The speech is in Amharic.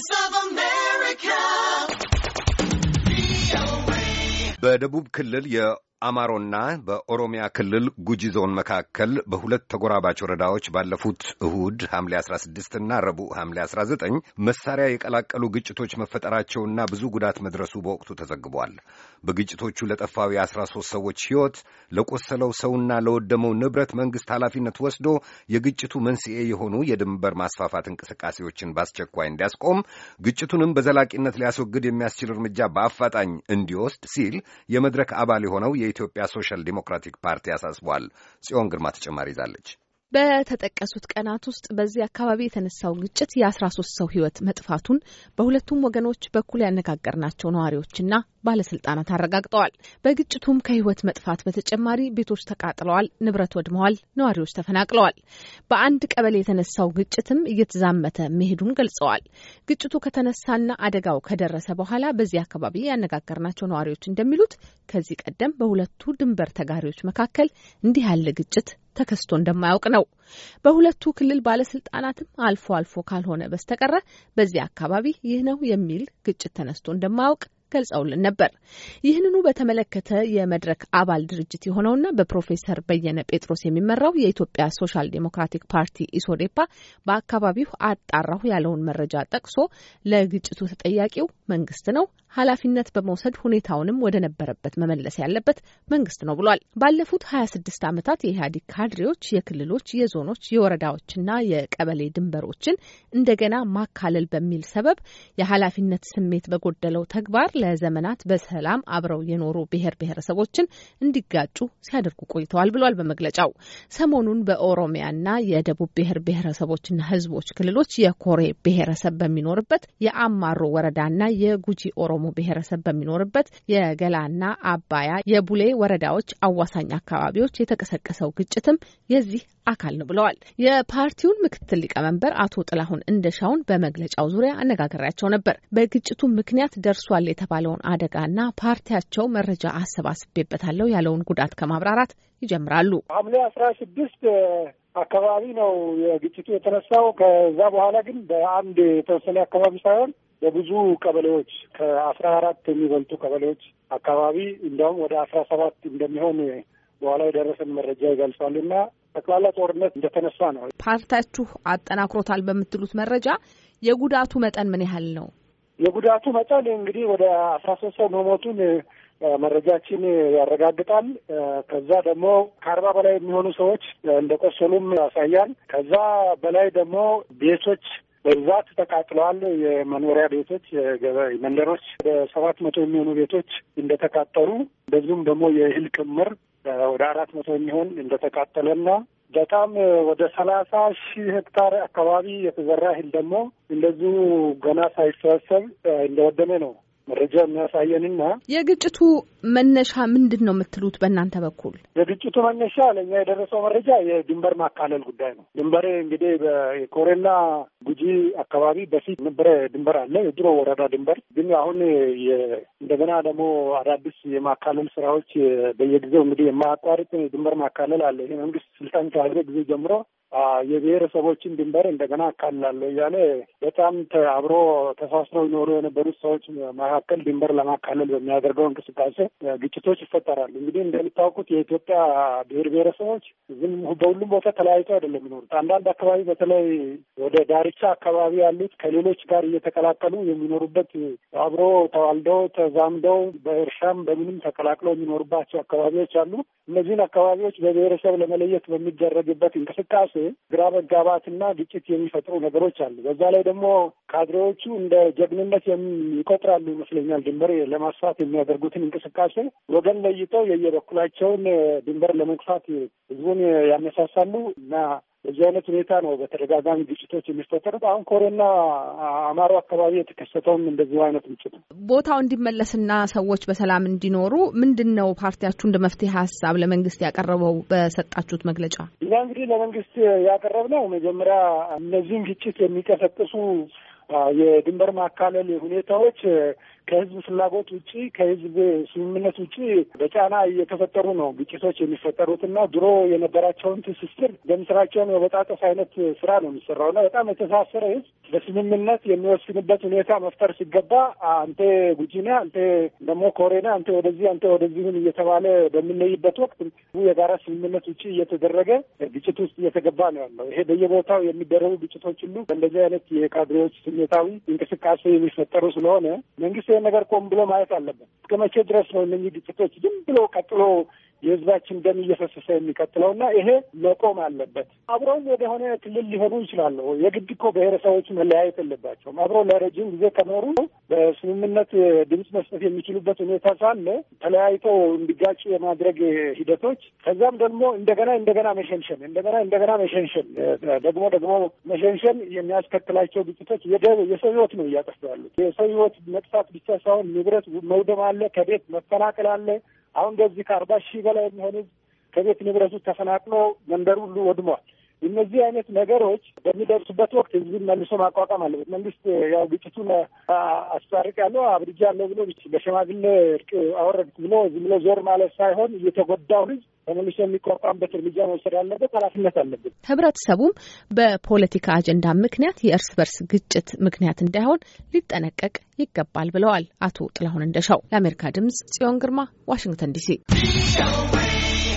Voice of America በደቡብ ክልል የ አማሮና በኦሮሚያ ክልል ጉጂ ዞን መካከል በሁለት ተጎራባች ወረዳዎች ባለፉት እሁድ ሐምሌ 16 እና ረቡዕ ሐምሌ 19 መሳሪያ የቀላቀሉ ግጭቶች መፈጠራቸውና ብዙ ጉዳት መድረሱ በወቅቱ ተዘግቧል። በግጭቶቹ ለጠፋው የ13 ሰዎች ሕይወት ለቆሰለው ሰውና ለወደመው ንብረት መንግሥት ኃላፊነት ወስዶ የግጭቱ መንስኤ የሆኑ የድንበር ማስፋፋት እንቅስቃሴዎችን በአስቸኳይ እንዲያስቆም ግጭቱንም በዘላቂነት ሊያስወግድ የሚያስችል እርምጃ በአፋጣኝ እንዲወስድ ሲል የመድረክ አባል የሆነው የኢትዮጵያ ሶሻል ዲሞክራቲክ ፓርቲ አሳስቧል። ጽዮን ግርማ ተጨማሪ ይዛለች። በተጠቀሱት ቀናት ውስጥ በዚህ አካባቢ የተነሳው ግጭት የአስራ ሶስት ሰው ህይወት መጥፋቱን በሁለቱም ወገኖች በኩል ያነጋገርናቸው ነዋሪዎችና ባለስልጣናት አረጋግጠዋል። በግጭቱም ከህይወት መጥፋት በተጨማሪ ቤቶች ተቃጥለዋል፣ ንብረት ወድመዋል፣ ነዋሪዎች ተፈናቅለዋል። በአንድ ቀበሌ የተነሳው ግጭትም እየተዛመተ መሄዱን ገልጸዋል። ግጭቱ ከተነሳና አደጋው ከደረሰ በኋላ በዚህ አካባቢ ያነጋገርናቸው ነዋሪዎች እንደሚሉት ከዚህ ቀደም በሁለቱ ድንበር ተጋሪዎች መካከል እንዲህ ያለ ግጭት ተከስቶ እንደማያውቅ ነው። በሁለቱ ክልል ባለስልጣናትም አልፎ አልፎ ካልሆነ በስተቀረ በዚህ አካባቢ ይህ ነው የሚል ግጭት ተነስቶ እንደማያውቅ ገልጸውልን ነበር። ይህንኑ በተመለከተ የመድረክ አባል ድርጅት የሆነውና በፕሮፌሰር በየነ ጴጥሮስ የሚመራው የኢትዮጵያ ሶሻል ዴሞክራቲክ ፓርቲ ኢሶዴፓ በአካባቢው አጣራሁ ያለውን መረጃ ጠቅሶ ለግጭቱ ተጠያቂው መንግስት ነው፣ ኃላፊነት በመውሰድ ሁኔታውንም ወደ ነበረበት መመለስ ያለበት መንግስት ነው ብሏል። ባለፉት ሀያ ስድስት ዓመታት የኢህአዴግ ካድሬዎች የክልሎች፣ የዞኖች፣ የወረዳዎችና የቀበሌ ድንበሮችን እንደገና ማካለል በሚል ሰበብ የኃላፊነት ስሜት በጎደለው ተግባር ለዘመናት በሰላም አብረው የኖሩ ብሔር ብሔረሰቦችን እንዲጋጩ ሲያደርጉ ቆይተዋል ብሏል በመግለጫው። ሰሞኑን በኦሮሚያና የደቡብ ብሔር ብሔረሰቦችና ህዝቦች ክልሎች የኮሬ ብሔረሰብ በሚኖርበት የአማሮ ወረዳና የጉጂ ኦሮሞ ብሔረሰብ በሚኖርበት የገላና አባያ የቡሌ ወረዳዎች አዋሳኝ አካባቢዎች የተቀሰቀሰው ግጭትም የዚህ አካል ነው ብለዋል። የፓርቲውን ምክትል ሊቀመንበር አቶ ጥላሁን እንደሻውን በመግለጫው ዙሪያ አነጋገሪያቸው ነበር። በግጭቱ ምክንያት ደርሷል የተባለውን አደጋና ፓርቲያቸው መረጃ አሰባስቤበታለሁ ያለውን ጉዳት ከማብራራት ይጀምራሉ። ሐምሌ አስራ ስድስት አካባቢ ነው የግጭቱ የተነሳው። ከዛ በኋላ ግን በአንድ የተወሰነ አካባቢ ሳይሆን በብዙ ቀበሌዎች ከአስራ አራት የሚበልጡ ቀበሌዎች አካባቢ እንዲያውም ወደ አስራ ሰባት እንደሚሆን በኋላ የደረሰን መረጃ ይገልጻል እና ጠቅላላ ጦርነት እንደተነሳ ነው። ፓርቲያችሁ አጠናክሮታል በምትሉት መረጃ የጉዳቱ መጠን ምን ያህል ነው? የጉዳቱ መጠን እንግዲህ ወደ አስራ ሶስት ሰው መሞቱን መረጃችን ያረጋግጣል። ከዛ ደግሞ ከአርባ በላይ የሚሆኑ ሰዎች እንደቆሰሉም ያሳያል። ከዛ በላይ ደግሞ ቤቶች በብዛት ተቃጥለዋል። የመኖሪያ ቤቶች፣ መንደሮች ወደ ሰባት መቶ የሚሆኑ ቤቶች እንደተቃጠሉ እንደዚሁም ደግሞ የእህል ክምር ወደ አራት መቶ የሚሆን እንደተቃጠለና በጣም ወደ ሰላሳ ሺህ ሄክታር አካባቢ የተዘራ እህል ደግሞ እንደዚሁ ገና ሳይሰበሰብ እንደወደመ ነው መረጃ የሚያሳየንና የግጭቱ መነሻ ምንድን ነው የምትሉት? በእናንተ በኩል የግጭቱ መነሻ ለእኛ የደረሰው መረጃ የድንበር ማካለል ጉዳይ ነው። ድንበር እንግዲህ በኮሬና ጉጂ አካባቢ በፊት ነበረ ድንበር አለ፣ የድሮ ወረዳ ድንበር ግን አሁን እንደገና ደግሞ አዳዲስ የማካለል ስራዎች በየጊዜው እንግዲህ የማያቋርጥ ድንበር ማካለል አለ። ይህ መንግስት ስልጣን ከያዘ ጊዜ ጀምሮ የብሔረሰቦችን ድንበር እንደገና አካልላለሁ እያለ በጣም አብሮ ተሳስረው ይኖሩ የነበሩት ሰዎች መካከል ድንበር ለማካለል በሚያደርገው እንቅስቃሴ ግጭቶች ይፈጠራሉ። እንግዲህ እንደሚታወቁት የኢትዮጵያ ብሔር ብሔረሰቦች ዝም በሁሉም ቦታ ተለያይቶ አይደለም የሚኖሩት። አንዳንድ አካባቢ በተለይ ወደ ዳርቻ አካባቢ ያሉት ከሌሎች ጋር እየተቀላቀሉ የሚኖሩበት አብሮ ተዋልደው ተዛምደው በእርሻም በምንም ተቀላቅለው የሚኖሩባቸው አካባቢዎች አሉ። እነዚህን አካባቢዎች በብሔረሰብ ለመለየት በሚደረግበት እንቅስቃሴ ግራ መጋባትና ግጭት የሚፈጥሩ ነገሮች አሉ። በዛ ላይ ደግሞ ካድሬዎቹ እንደ ጀግንነት ይቆጥራሉ ይመስለኛል። ድንበር ለማስፋት የሚያደርጉትን እንቅስቃሴ ወገን ለይተው የየበኩላቸውን ድንበር ለመግፋት ህዝቡን ያነሳሳሉ እና በዚህ አይነት ሁኔታ ነው በተደጋጋሚ ግጭቶች የሚፈጠሩት። አሁን ኮሮና አማሮ አካባቢ የተከሰተውም እንደዚሁ አይነት ግጭት ነው። ቦታው እንዲመለስና ሰዎች በሰላም እንዲኖሩ ምንድን ነው ፓርቲያችሁ እንደ መፍትሄ ሀሳብ ለመንግስት ያቀረበው በሰጣችሁት መግለጫ? እኛ እንግዲህ ለመንግስት ያቀረብነው መጀመሪያ እነዚህን ግጭት የሚቀሰቅሱ የድንበር ማካለል ሁኔታዎች ከህዝብ ፍላጎት ውጭ ከህዝብ ስምምነት ውጭ በጫና እየተፈጠሩ ነው ግጭቶች የሚፈጠሩትና ድሮ የነበራቸውን ትስስር በምስራቸውን የበጣጠስ አይነት ስራ ነው የሚሰራውና በጣም የተሳሰረ ህዝብ በስምምነት የሚወስንበት ሁኔታ መፍጠር ሲገባ አንተ ጉጂና አንተ ደግሞ ኮሬና አንተ ወደዚህ አንተ ወደዚህን እየተባለ በምንለይበት ወቅት የጋራ ስምምነት ውጭ እየተደረገ ግጭት ውስጥ እየተገባ ነው ያለው። ይሄ በየቦታው የሚደረጉ ግጭቶች ሁሉ በእንደዚህ አይነት የካድሬዎች ስሜታዊ እንቅስቃሴ የሚፈጠሩ ስለሆነ መንግስት ነገር ቆም ብሎ ማየት አለበት። እስከ መቼ ድረስ ነው እነዚህ ግጭቶች ዝም ብሎ ቀጥሎ የህዝባችን ደም እየፈሰሰ የሚቀጥለውና ይሄ መቆም አለበት። አብረውም ወደሆነ ክልል ሊሆኑ ይችላሉ። የግድ እኮ ብሔረሰቦች መለያየት የለባቸውም። አብረው ለረጅም ጊዜ ከኖሩ በስምምነት ድምፅ መስጠት የሚችሉበት ሁኔታ ሳለ ተለያይተው እንዲጋጭ የማድረግ ሂደቶች ከዛም ደግሞ እንደገና እንደገና መሸንሸን እንደገና እንደገና መሸንሸን ደግሞ ደግሞ መሸንሸን የሚያስከትላቸው ግጭቶች የሰው ህይወት ነው እያጠፉ ያሉት። የሰው ህይወት መጥፋት ብቻ ሳይሆን ንብረት መውደም አለ፣ ከቤት መፈናቀል አለ። አሁን በዚህ ከአርባ ሺህ በላይ የሚሆን ህዝብ ከቤት ንብረቱ ተፈናቅሎ መንደር ሁሉ ወድሟል። እነዚህ አይነት ነገሮች በሚደርሱበት ወቅት ህዝብን መልሶ ማቋቋም አለበት። መንግስት ያው ግጭቱን አስታርቅ ያለው አብርጃ ያለው ብሎ በሸማግሌ እርቅ አወረድኩ ብሎ ዝም ብሎ ዞር ማለት ሳይሆን እየተጎዳው ህዝብ በመልሶ የሚቋቋምበት እርምጃ መውሰድ ያለበት ኃላፊነት አለብን። ህብረተሰቡም በፖለቲካ አጀንዳ ምክንያት የእርስ በርስ ግጭት ምክንያት እንዳይሆን ሊጠነቀቅ ይገባል ብለዋል አቶ ጥላሁን እንደሻው። ለአሜሪካ ድምጽ ጽዮን ግርማ ዋሽንግተን ዲሲ